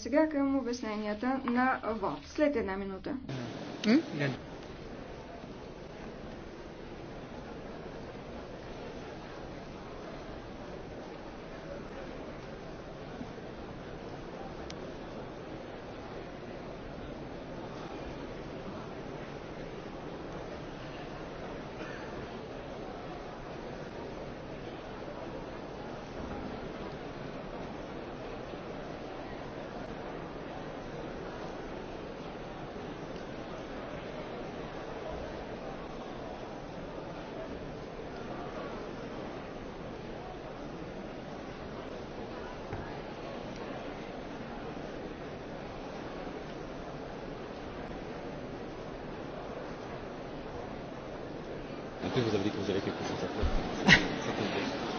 Сега към обясненията на ВОД. След една минута.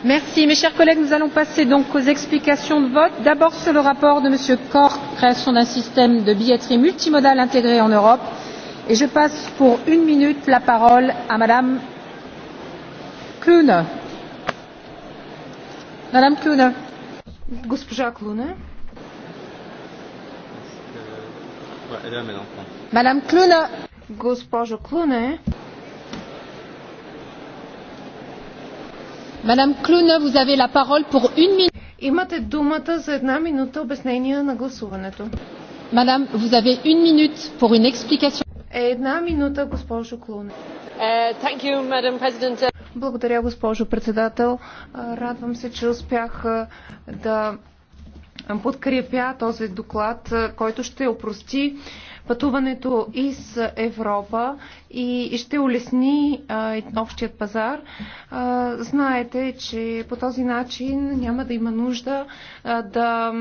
Merci, mes chers collègues. Nous allons passer donc aux explications de vote. D'abord sur le rapport de M. Corr, création d'un système de billetterie multimodale intégré en Europe. Et je passe pour une minute la parole à Mme Clune. Madame Clune. Госпожа Клуне. Madame Клуне. Госпожо Клуне. Клюна, vous avez la parole pour une minute. Имате думата за една минута обяснение на гласуването. vous avez une minute pour une explication. Една минута, госпожо Клуна. Е, Благодаря, госпожо председател. Е, радвам се, че успях е, да подкрепя този доклад, който ще опрости пътуването из Европа и ще улесни общият пазар. Знаете, че по този начин няма да има нужда да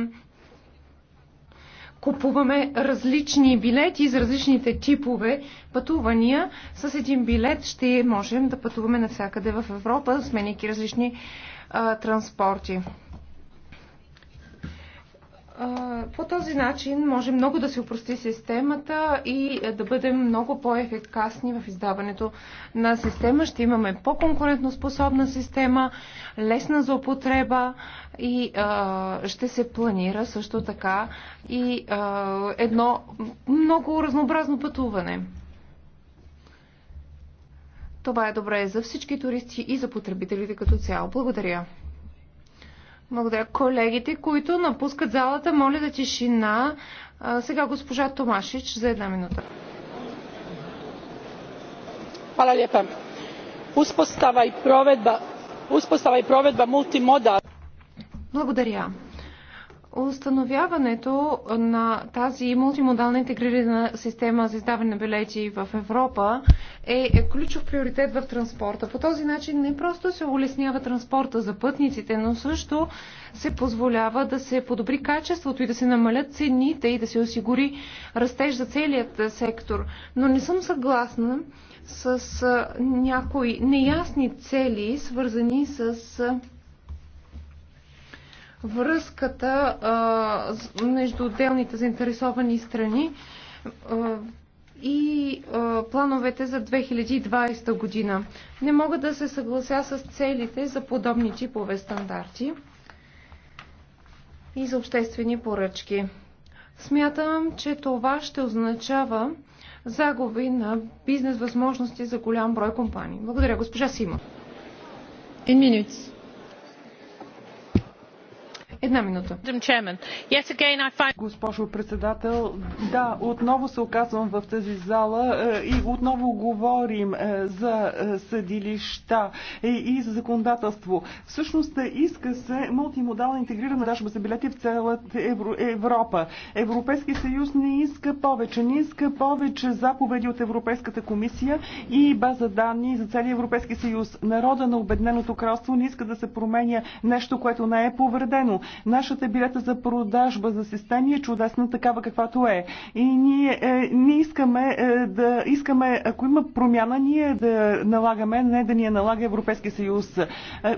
купуваме различни билети за различните типове пътувания. С един билет ще можем да пътуваме навсякъде в Европа, сменяйки различни а, транспорти. По този начин може много да се упрости системата и е, да бъдем много по ефекасни в издаването на система. Ще имаме по-конкурентно способна система, лесна за употреба и а, ще се планира също така и а, едно много разнообразно пътуване. Това е добре за всички туристи и за потребителите като цяло. Благодаря. Благодаря. Колегите, които напускат залата, моля за тишина. Сега госпожа Томашич за една минута. Hvala lijepa. Uspostava i provedba, uspostava i provedba multimodal... Благодаря. Установяването на тази мултимодална интегрирана система за издаване на билети в Европа е ключов приоритет в транспорта. По този начин не просто се улеснява транспорта за пътниците, но също се позволява да се подобри качеството и да се намалят цените и да се осигури растеж за целият сектор. Но не съм съгласна с някои неясни цели, свързани с връзката а, между отделните заинтересовани страни а, и а, плановете за 2020 година. Не мога да се съглася с целите за подобни типове стандарти и за обществени поръчки. Смятам, че това ще означава загуби на бизнес възможности за голям брой компании. Благодаря, госпожа Сима. Един Една минута. Госпожо председател, да, отново се оказвам в тази зала е, и отново говорим е, за е, съдилища и за законодателство. Всъщност иска се мултимодална интегрирана дажба за билети в цялата Европа. Европейски съюз не иска повече. Не иска повече заповеди от Европейската комисия и база данни за целия Европейски съюз. Народа на Обедненото кралство не иска да се променя нещо, което не е повредено. Нашата билета за продажба за системи е чудесна такава каквато е. И ние е, не искаме е, да искаме, ако има промяна, ние да налагаме, не да ни я налага Европейски съюз. Е,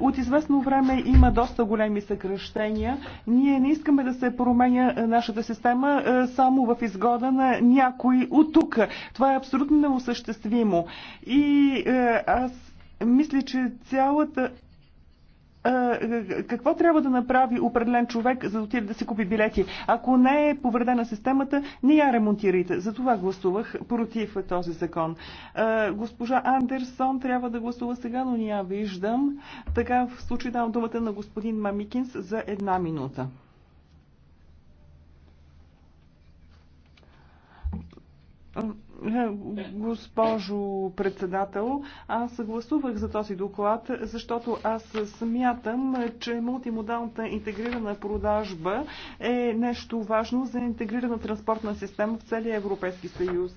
от известно време има доста големи съкръщения. Ние не искаме да се променя е, нашата система е, само в изгода на някой от тук. Това е абсолютно неосъществимо. И е, аз мисля, че цялата какво трябва да направи определен човек, за да отиде да си купи билети. Ако не е повредена системата, не я ремонтирайте. За това гласувах против този закон. Госпожа Андерсон трябва да гласува сега, но не я виждам. Така в случай давам думата на господин Мамикинс за една минута. Госпожо председател, аз съгласувах за този доклад, защото аз смятам, че мултимодалната интегрирана продажба е нещо важно за интегрирана транспортна система в целия Европейски съюз.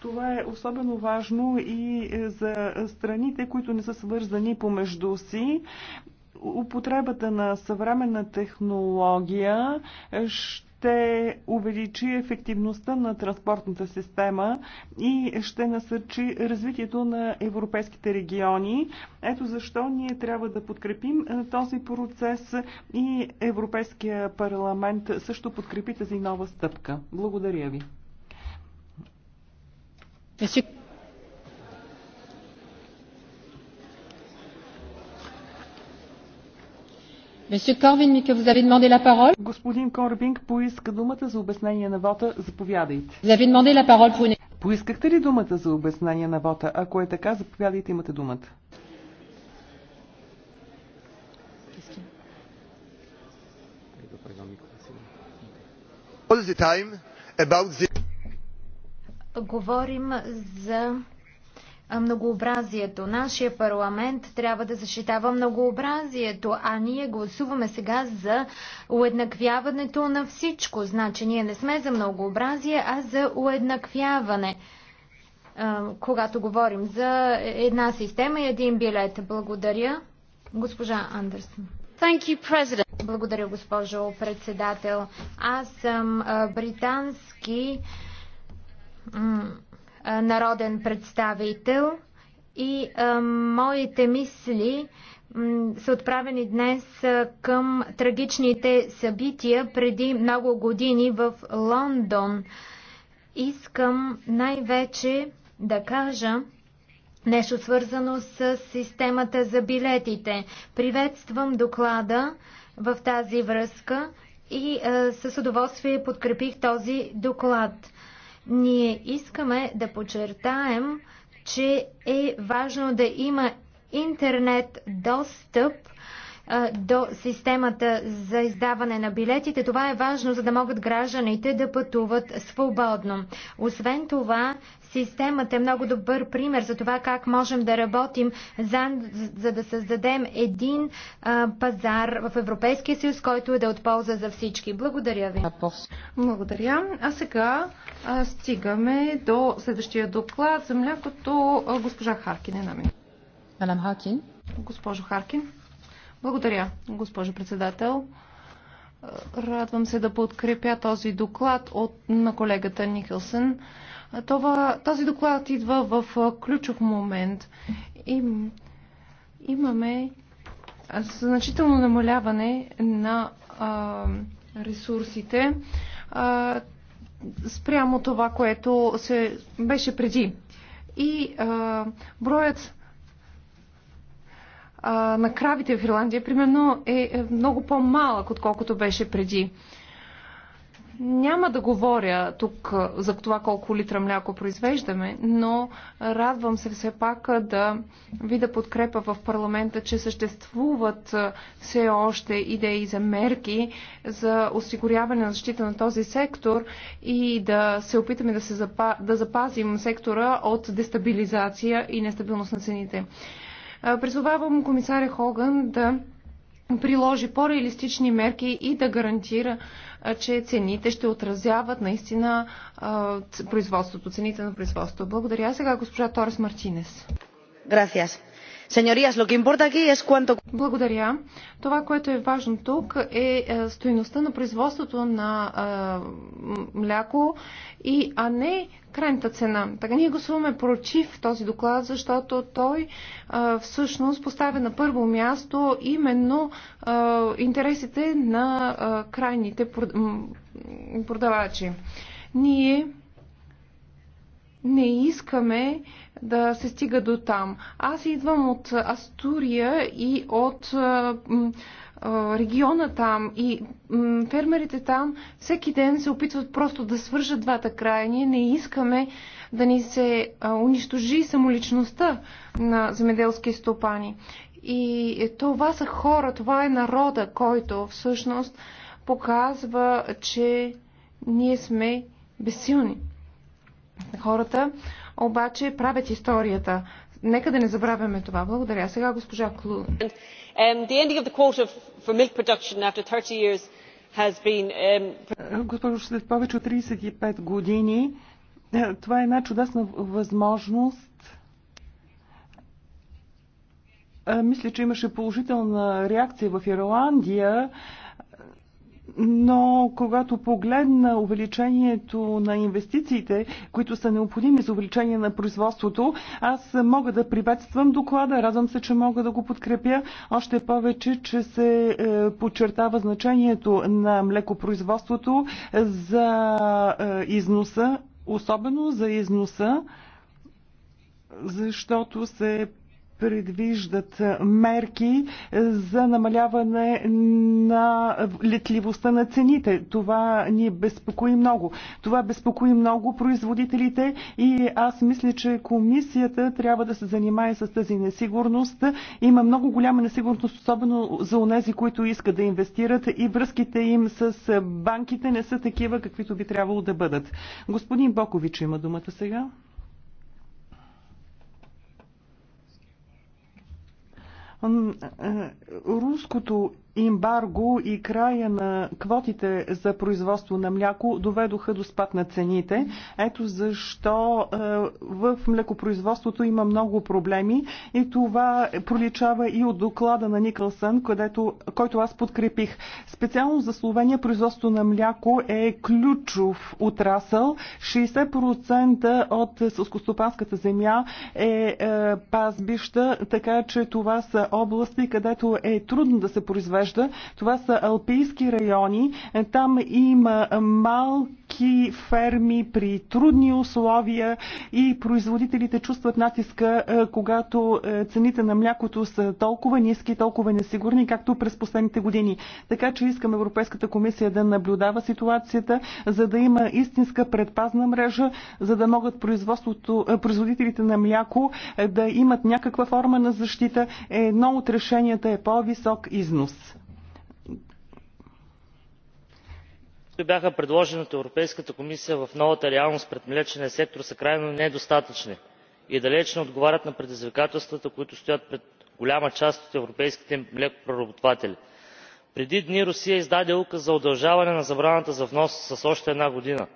Това е особено важно и за страните, които не са свързани помежду си употребата на съвременна технология ще ще увеличи ефективността на транспортната система и ще насърчи развитието на европейските региони. Ето защо ние трябва да подкрепим е, този процес и Европейския парламент също подкрепи тази нова стъпка. Благодаря ви. Господин Корбинг поиска думата за обяснение на вота. Заповядайте. Поискахте ли думата за обяснение на вота? Ако е така, заповядайте, имате думата. Говорим за многообразието. Нашия парламент трябва да защитава многообразието, а ние гласуваме сега за уеднаквяването на всичко. Значи ние не сме за многообразие, а за уеднаквяване когато говорим за една система и един билет. Благодаря, госпожа Андерсон. You, Благодаря, госпожо председател. Аз съм британски народен представител и моите мисли са отправени днес към трагичните събития преди много години в Лондон. Искам най-вече да кажа нещо свързано с системата за билетите. Приветствам доклада в тази връзка и е, с удоволствие подкрепих този доклад. Ние искаме да подчертаем, че е важно да има интернет достъп до системата за издаване на билетите. Това е важно, за да могат гражданите да пътуват свободно. Освен това, Системата е много добър пример за това как можем да работим, за, за да създадем един а, пазар в Европейския съюз, който е да е от полза за всички. Благодаря ви. Благодаря. А сега а, стигаме до следващия доклад за млякото. госпожа Харкин е на мен. Харкин. Госпожо Харкин. Благодаря, госпожо председател. Радвам се да подкрепя този доклад от, на колегата Никълсън. Това, този доклад идва в ключов момент. Им, имаме значително намаляване на а, ресурсите а, спрямо това, което се беше преди. И а, броят а, на кравите в Ирландия, примерно, е, е много по-малък, отколкото беше преди. Няма да говоря тук за това колко литра мляко произвеждаме, но радвам се все пак да видя подкрепа в парламента, че съществуват все още идеи за мерки за осигуряване на защита на този сектор и да се опитаме да, се запа... да запазим сектора от дестабилизация и нестабилност на цените. Призовавам комисаря Хоган да приложи по-реалистични мерки и да гарантира, че цените ще отразяват наистина производството, цените на производството. Благодаря. Сега госпожа Торес Мартинес. Gracias. Señorías, lo que importa aquí es cuánto... Благодаря. Това, което е важно тук е, е стоиността на производството на а, е, мляко, и, а не крайната цена. Така ние гласуваме против този доклад, защото той а, е, всъщност поставя на първо място именно а, интересите на а, крайните продавачи. Ние не искаме да се стига до там. Аз идвам от Астурия и от региона там и фермерите там всеки ден се опитват просто да свържат двата края. Ние не искаме да ни се унищожи самоличността на земеделски стопани. И е, това са хора, това е народа, който всъщност показва, че ние сме безсилни. Хората обаче правят историята. Нека да не забравяме това. Благодаря. Сега госпожа Клу. Um, um, е, госпожо, след повече от 35 години е, това е една чудесна възможност е, мисля, че имаше положителна реакция в Ирландия но когато погледна увеличението на инвестициите, които са необходими за увеличение на производството, аз мога да приветствам доклада, радвам се, че мога да го подкрепя, още повече, че се е, подчертава значението на млекопроизводството за е, износа, особено за износа, защото се предвиждат мерки за намаляване на летливостта на цените. Това ни безпокои много. Това безпокои много производителите и аз мисля, че комисията трябва да се занимае с тази несигурност. Има много голяма несигурност, особено за онези, които искат да инвестират и връзките им с банките не са такива, каквито би трябвало да бъдат. Господин Бокович има думата сега. Е, е, руското имбарго и края на квотите за производство на мляко доведоха до спад на цените. Ето защо е, в млекопроизводството има много проблеми и това проличава и от доклада на Никълсън, където, който аз подкрепих. Специално за Словения производство на мляко е ключов отрасъл. 60% от сълскостопанската земя е, е пазбища, така че това са области, където е трудно да се произвежда изгражда. Това са алпийски райони. Там има малки малки ферми при трудни условия и производителите чувстват натиска, е, когато е, цените на млякото са толкова ниски, толкова несигурни, както през последните години. Така че искам Европейската комисия да наблюдава ситуацията, за да има истинска предпазна мрежа, за да могат е, производителите на мляко да имат някаква форма на защита. Едно от решенията е по-висок износ. бяха предложени от европейската комисия в новата реалност пред млечния сектор са крайно недостатъчни и далеч не отговарят на предизвикателствата които стоят пред голяма част от европейските млекопреработватели. преди дни русия издаде указ за удължаване на забраната за внос с още една година.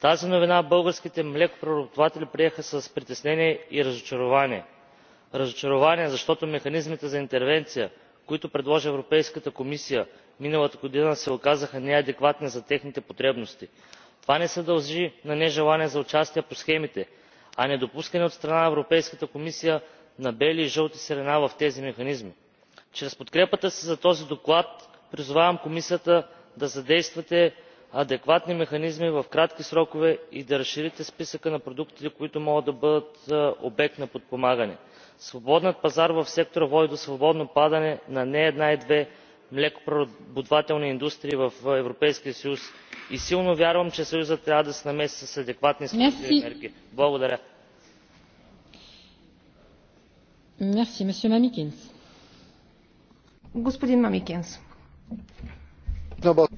тази новина българските млекопреработватели приеха с притеснение и разочарование. разочарование защото механизмите за интервенция които предложи европейската комисия миналата година се оказаха неадекватни за техните потребности. това не се дължи на нежелание за участие по схемите а недопускане от страна на европейската комисия на бели и жълти сирена в тези механизми. чрез подкрепата си за този доклад призовавам комисията да задействате адекватни механизми в кратки срокове и да разширите списъка на продуктите които могат да бъдат обект на подпомагане свободният пазар в сектора води до свободно падане на не една и две млекопреработвателни индустрии в европейския съюз и силно вярвам че съюзът трябва да се намеси с адекватни и мерки. благодаря.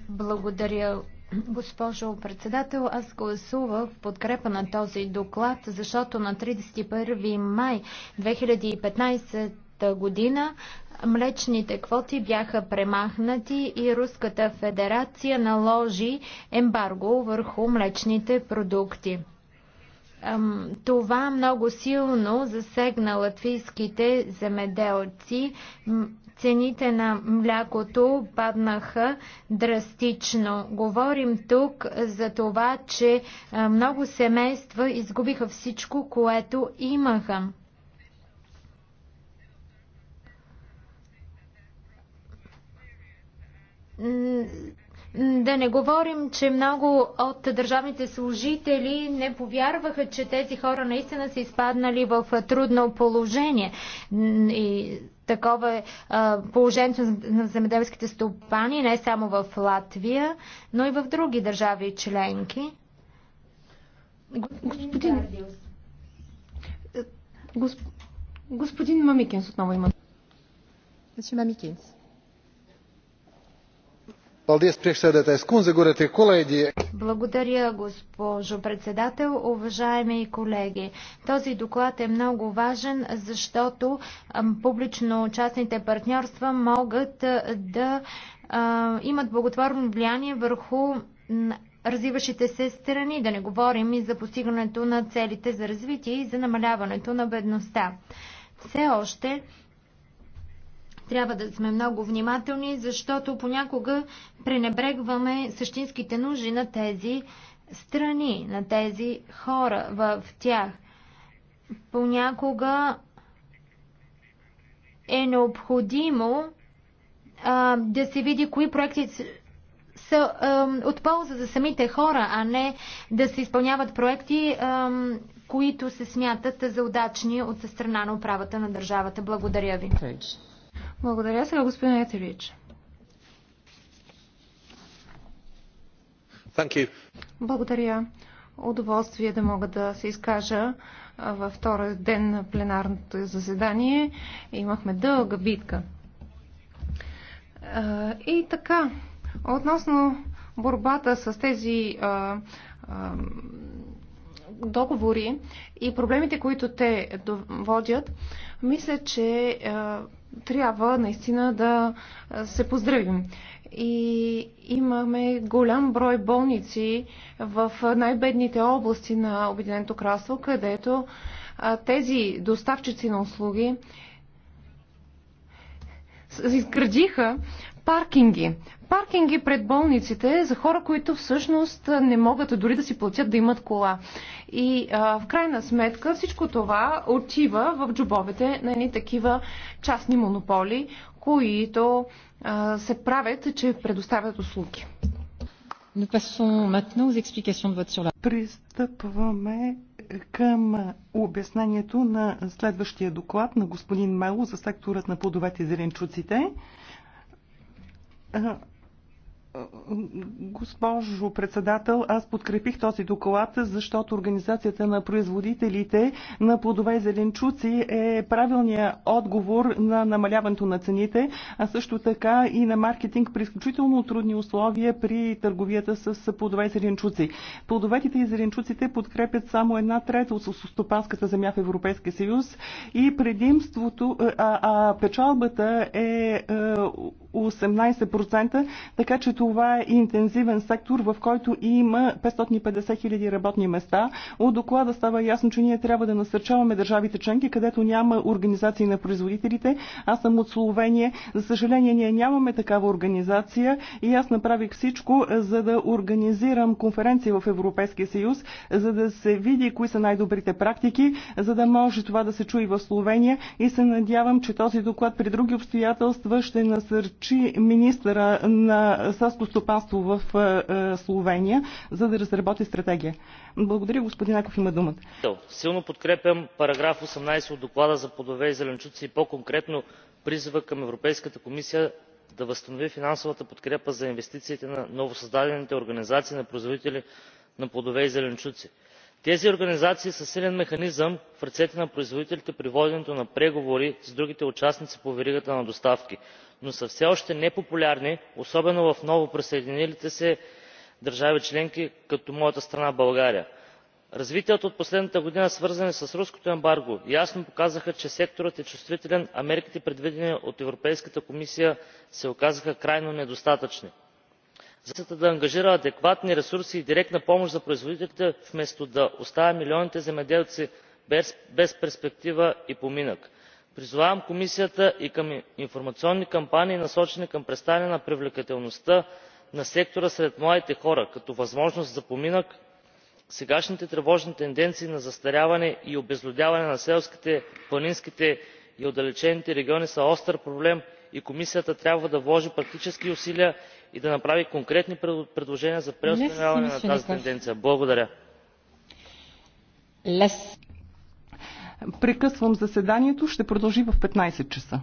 Благодаря, Госпожо председател, аз гласувах в подкрепа на този доклад, защото на 31 май 2015 година млечните квоти бяха премахнати и Руската федерация наложи ембарго върху млечните продукти. Това много силно засегна латвийските земеделци. Цените на млякото паднаха драстично. Говорим тук за това, че много семейства изгубиха всичко, което имаха. Да не говорим, че много от държавните служители не повярваха, че тези хора наистина са изпаднали в трудно положение. И такова е положението на земеделските стопани не само в Латвия, но и в други държави членки. Господин, господин Мамикинс отново има. Значи Мамикинс. Благодаря, госпожо председател. Уважаеми колеги, този доклад е много важен, защото публично-частните партньорства могат да имат благотворно влияние върху развиващите се страни, да не говорим и за постигането на целите за развитие и за намаляването на бедността. Все още трябва да сме много внимателни, защото понякога пренебрегваме същинските нужди на тези страни, на тези хора в тях. Понякога е необходимо а, да се види кои проекти са а, от полза за самите хора, а не да се изпълняват проекти, а, които се смятат за удачни от страна на управата на държавата. Благодаря ви. Благодаря. Сега господин Етерич. Благодаря. Удоволствие да мога да се изкажа във втори ден на пленарното заседание. Имахме дълга битка. И така, относно борбата с тези договори и проблемите, които те водят, мисля, че трябва наистина да се поздравим. И имаме голям брой болници в най-бедните области на Обединеното кралство, където тези доставчици на услуги изградиха паркинги. Паркинги пред болниците е за хора, които всъщност не могат дори да си платят да имат кола. И а, в крайна сметка всичко това отива в джобовете на едни такива частни монополи, които а, се правят, че предоставят услуги. Пристъпваме към обяснението на следващия доклад на господин Мало за секторът на плодовете и зеленчуците. А, Госпожо председател, аз подкрепих този доклад, защото Организацията на производителите на плодове и зеленчуци е правилният отговор на намаляването на цените, а също така и на маркетинг при изключително трудни условия при търговията с плодове и зеленчуци. Плодоветите и зеленчуците подкрепят само една трета от стопанската земя в Европейския съюз и предимството, а, а печалбата е 18%, е, така че това е интензивен сектор, в който има 550 000 работни места. От доклада става ясно, че ние трябва да насърчаваме държавите членки, където няма организации на производителите. Аз съм от Словения. За съжаление, ние нямаме такава организация и аз направих всичко, е, за да организирам конференция в Европейския съюз, за да се види кои са най-добрите практики, за да може това да се чуе в Словения и се надявам, че този доклад при други обстоятелства ще насърчи министъра на селско стопанство в е, е, Словения, за да разработи стратегия. Благодаря, господин Аков има думата. Силно подкрепям параграф 18 от доклада за плодове и зеленчуци и по-конкретно призива към Европейската комисия да възстанови финансовата подкрепа за инвестициите на новосъздадените организации на производители на плодове и зеленчуци тези организации са силен механизъм в ръцете на производителите при воденето на преговори с другите участници по веригата на доставки но са все още непопулярни особено в новоприсъединилите се държави членки като моята страна българия. развитията от последната година свързани с руското ембарго ясно показаха че секторът е чувствителен а мерките предвидени от европейската комисия се оказаха крайно недостатъчни за да ангажира адекватни ресурси и директна помощ за производителите вместо да оставя милионите земеделци без перспектива и поминък. призовавам комисията и към информационни кампании насочени към представяне на привлекателността на сектора сред младите хора като възможност за поминък сегашните тревожни тенденции на застаряване и обезлюдяване на селските планинските и отдалечените региони са остър проблем и комисията трябва да вложи практически усилия и да направи конкретни предложения за преустановяване на тази тенденция. благодаря. прекъсвам заседанието. ще продължи в 15 часа.